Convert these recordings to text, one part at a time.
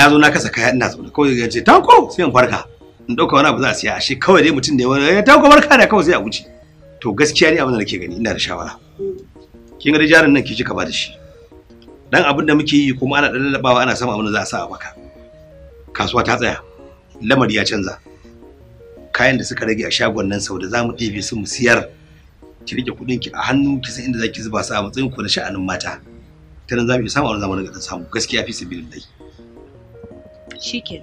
na zo na kasa kaya ina zaune kawai ya ce tanko sai in farka in ɗauka wani abu za a siya ashe kawai dai mutum da ya tanko barka da kawai sai a wuce to gaskiya ne abin da nake gani ina da shawara kin ga jarin nan ki ka ba da shi dan abin da muke yi kuma ana dan ana sama abin da za a sa a baka. kasuwa ta tsaya lamari ya canza kayan da suka rage a shagon nan sau da za mu ɗebe su mu siyar ki rike kuɗin ki a hannu ki san inda za ki zuba su a matsayin ku na sha'anin mata ta nan za mu iya samu a wani zamanin da samu gaskiya fi dai tun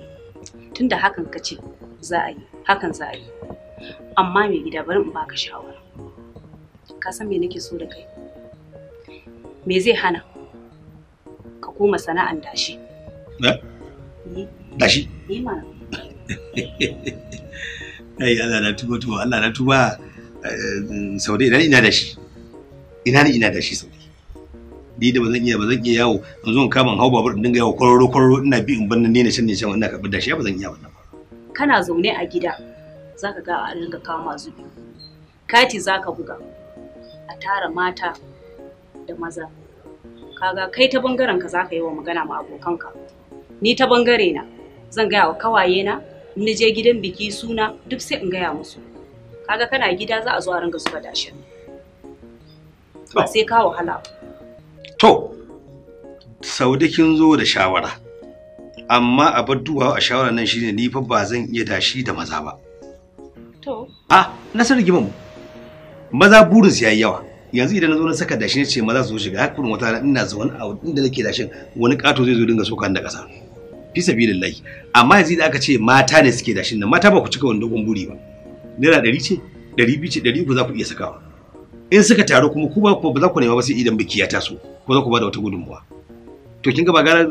tunda hakan ka ce za a yi hakan za a yi amma mai gida bari in baka shawara ka san me nake so da kai me zai hana ka koma sana'an dashi dashi ni ma ai Allah na tuba tuba Allah na tuba eh, sau ina dashi ina ni ina da shi da ba zan iya ba zan iya yawo in zo in kama hau babur in dinga yawo kwararo kwararo ina bi in ban nan ne can ne can ina karɓar da shi ba zan iya wannan kana zaune a gida zaka ga a dinga kawo masu biyu kati zaka buga a tara mata da maza kaga kai ta bangaren ka zaka yi wa magana ma abokanka ni ta bangare na zan gaya wa kawaye na in na je gidan biki suna duk sai in gaya musu kaga kana gida za a zo a ringa zuba dashin ba sai ka wahala ba to da kin zo da shawara amma a bar duwa a shawara nan shine ni fa ba zan iya dashi da maza ba to a ah, na san rigimin mu maza burin su yayi yawa yanzu idan na zo na saka dashi ne ce maza su shiga har kurin wata ina zaune a inda nake dashin wani kato zai zo dinga sokan da kasa fi sabilillahi amma yanzu da aka ce mata ne suke dashin nan mata ba ku cika wani dogon buri ba naira ɗari ce ɗari biyu ce ɗari uku za ku iya sakawa in suka taru kuma ku ba ku ba za ku nema ba sai idan biki ya taso ko za ku ba da wata gudunmuwa to kin ga ba gara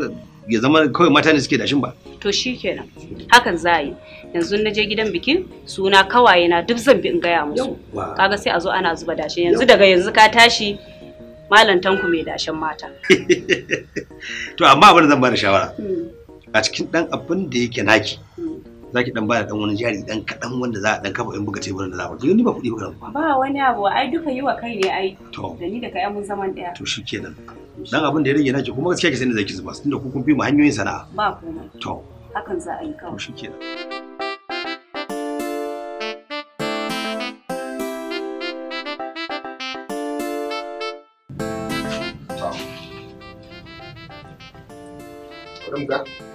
ya zama kawai mata ne suke dashin ba to shikenan hakan za a yi yanzu na je gidan bikin suna kawaye na duk zan bi in gaya musu kaga sai a zo ana zuba dashin yanzu daga yanzu ka tashi malam tanku mai dashin mata to amma abin zan ba da shawara hmm. a cikin dan abin da yake naki za ki dan bada dan wani jari dan kadan wanda za a dan kafa in buga teburin da za a ni ba kudi ba karan ba wani abu ai duka yi wa kai ne ai to da ni da kai mun zaman daya to shikenan dan abin da ya rage naki kuma gaskiya ki sani zaki zuba tunda ku kun fi mu hanyoyin sana'a ba komai to hakan za a yi kawai to shikenan Thank you.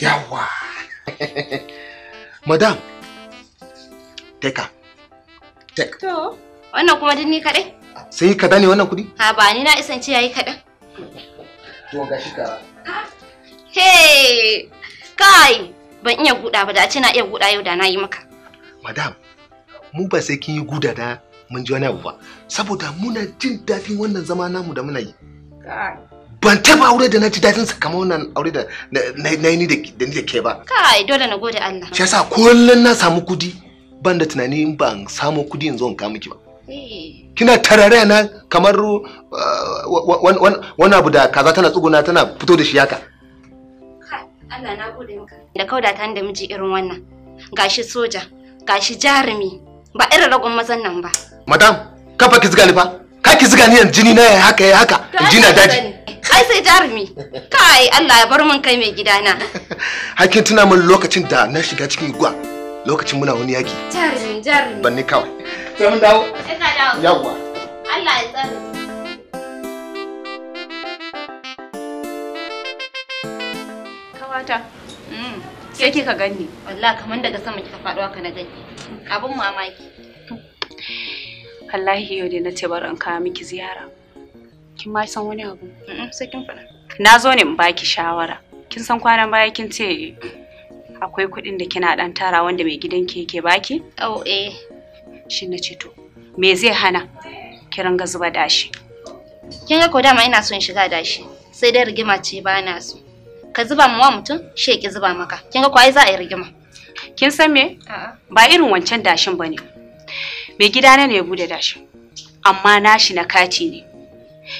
yawa madam teka tek to wannan kuma duk ni kadai sai kada ne wannan kudi ha ba ni na isance yayi kadan to gashi ka hey kai ban iya guda ba da a ce na iya guda yau da na yi maka madam mu ba sai kin yi guda da mun ji wani abu ba saboda muna jin daɗin wannan zama namu da muna yi ban taba aure da na ji dadin sa kamar wannan aure da na ni da ni da ke ba kai dole na gode Allah shi yasa kullun na samu kudi ban da tunani in ban samu kudi in zo in kawo miki ba eh. kina tarare na kamar uh, wani abu da kaza tana tsuguna tana fito da shi haka Allah na gode maka da kauda ta da miji irin wannan gashi soja gashi jarumi ba irin ragon mazan nan ba madam ka ki zigalifa, ka ki zigani ni yan jini na haka ya haka jini na daji ai sai jarumi kai Allah ya bar mun kai mai gidana hakin tuna min lokacin da na shiga cikin guwa lokacin muna wani yaki jarumi jarumi ban ni kawai sai mun dawo ina dawo yawwa Allah ya tsare kawata mm, sai kika gani wallahi kaman daga sama kika faɗo ka na gani abin mamaki wallahi yau dai na ce bar an kawo miki ziyara kin ma san wani abu sai kin fara na zo ne in baki shawara kin san kwanan baya kin ce akwai kuɗin da kina ɗan tara wanda mai gidan ke ke baki oh eh shi na ce to me zai hana ki ringa zuba dashi kin ga ko dama ina so in shiga dashi sai dai rigima ce ba na so ka zuba mu wa mutum shi ki zuba maka kin ga ai za a yi rigima kin san me ba irin wancan dashin bane mai gidana ne ya bude dashin amma nashi na kati ne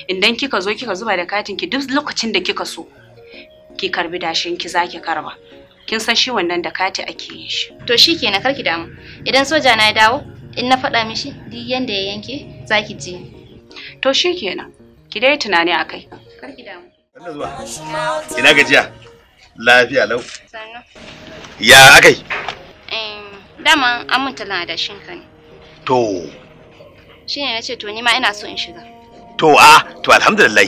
idan kika zo kika zuba da katin ki duk lokacin da kika so ki karbi dashin ki zaki karba kin san shi wannan da kati ake yin shi to shikenan karki damu idan soja na ya dawo in na faɗa mishi duk yanda ya yanke zaki je to shikenan ki dai tunani akai karki damu ina gajiya lafiya lau ya akai dama an mun tana da shinka ne to shine nace to ni ma ina so in shiga to a to alhamdulillah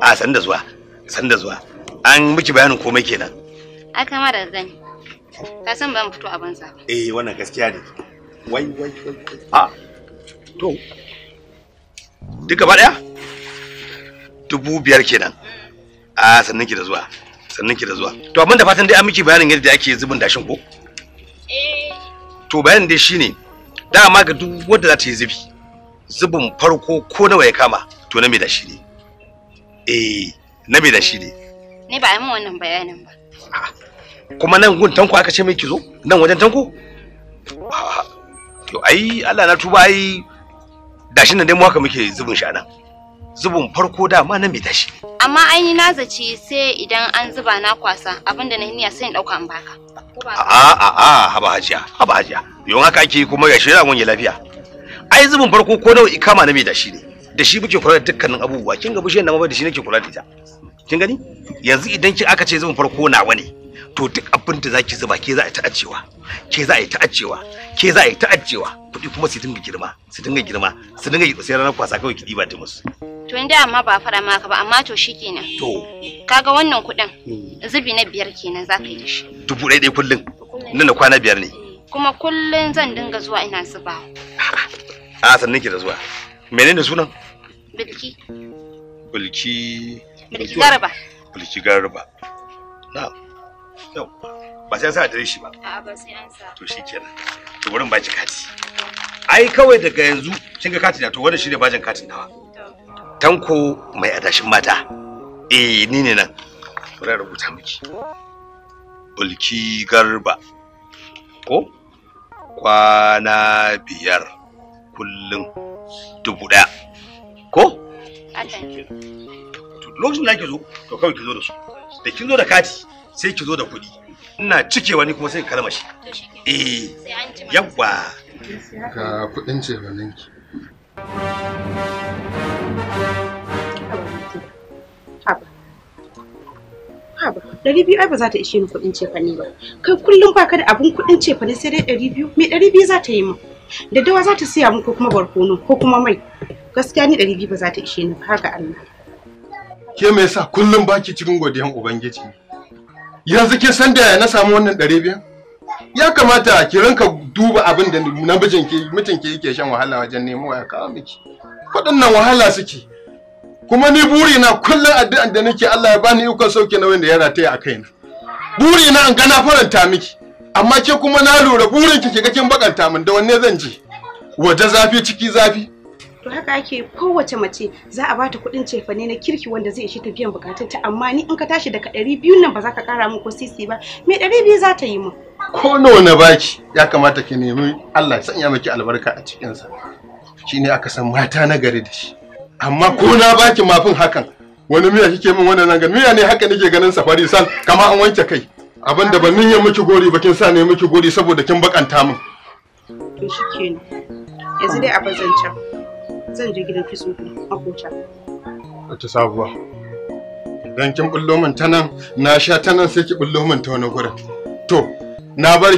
a san da zuwa san da zuwa an miki bayanin komai kenan a kama da zan ka san ban fito a banza eh wannan gaskiya ne wai wai wai a to duk gaba daya dubu biyar kenan a sannan ki da zuwa sannan ki da zuwa to abin da fatan dai an miki bayanin yadda ake zubin dashin ko eh. to bayanin dai shine dama ga duk wanda za ta yi zubi zubin farko ko nawa ya kama to na me da shi ne eh na me da shi ne ne ba a min wannan bayanin ba kuma nan gun tanko aka ce mai ki zo nan wajen tanko to ai Allah na tuba ai shi nan dai mu haka muke zubin shi anan zubin farko da ma na me dashi amma ai na zaci sai idan an zuba na kwasa abinda na niyya sai in dauka an baka a a a haba hajiya haba hajiya yau haka ake kuma ga yana mun ya lafiya ai zubin farko ko nawa ikama na me dashi ne da shi muke kula da dukkanin abubuwa kin ga bushe nan ba da shi nake kula da ita kin gani yanzu idan ki aka ce zan farko na wani to duk abin da zaki zuba ke za a ta'acewa ke za a yi ta'acewa ke za a yi ta'acewa kuɗi kuma su dinga girma su dinga girma su dinga yi sai ranar kwasa kawai ki ba ta musu to inda amma ba fara maka ba amma to shikenan to kaga wannan kuɗin hmm. zubi na biyar kenan za ka yi da shi dubu ɗaya ɗaya kullum nan na kwana biyar ne hmm. kuma kullum zan dinga zuwa ina zuba a sannan ki da zuwa menene sunan Bilki. Bilki. Bilki Garba. Bilki Garba. Na. Yau. Ba sai an sa adireshi ba. A'a ba sai an sa. To shikenan. To bari in baki kati. Ai kawai daga yanzu kin ga katin na to wannan shine bajin katin nawa. Tanko mai adashin mata. Eh ni ne nan. Bari rubuta miki. Bulki Garba. Ko? Kwana biyar kullum dubu daya lokacin da ki zo to kawai ki zo da su da kin zo da kati sai ki zo da kuɗi ina cike wani kuma sai kalma shi eh yawwa Ka kuɗin ce wannan ki ɗari biyu ai ba za ta ishe ni kuɗin cefane ba kai kullum ba ka da abin kuɗin cefane sai dai ɗari biyu me ɗari biyu za ta yi min daddawa za ta siya muku kuma barkono ko kuma mai gaskiya ni ɗari biyu ba za ta ishe ni har ga Allah ke me yasa kullum baki cikin godiyan ubangiji yanzu ke san da na samu wannan ɗari biyar? ya kamata ki rinka duba abin da na mutum yake shan wahala wajen nemo ya kawo miki waɗannan wahala suke kuma ni buri na kullum addu'an da nake Allah ya bani ikon sauke nauyin da ya rataya a kaina buri na an gana faranta miki amma ke kuma na lura burin ki ga kin bakanta min da wanne zan ji waje zafi ciki zafi to haka ake kowace mace za a bata kudin cefane na kirki wanda zai ishi ta biyan ta amma ni in ka tashi daga ɗari biyun nan ba za ka kara min ko sisi ba me ɗari biyu za ta yi min ko nawa na baki ya kamata ki nemi Allah ya sanya miki albarka a cikin sa shine aka san mata na gari da shi amma ko na baki mafin hakan wani miya kike min wannan nan miya ne haka nake ganin safari san kama an wanke kai abin da ban niyyar miki gori ba kin sa ne miki gori saboda kin bakanta min to shikenan yanzu dai a bazanta zan je gidan kitso makota ta sabuwa dan kin bullo min ta nan na sha ta nan sai ki bullo min ta wani gurin to na bar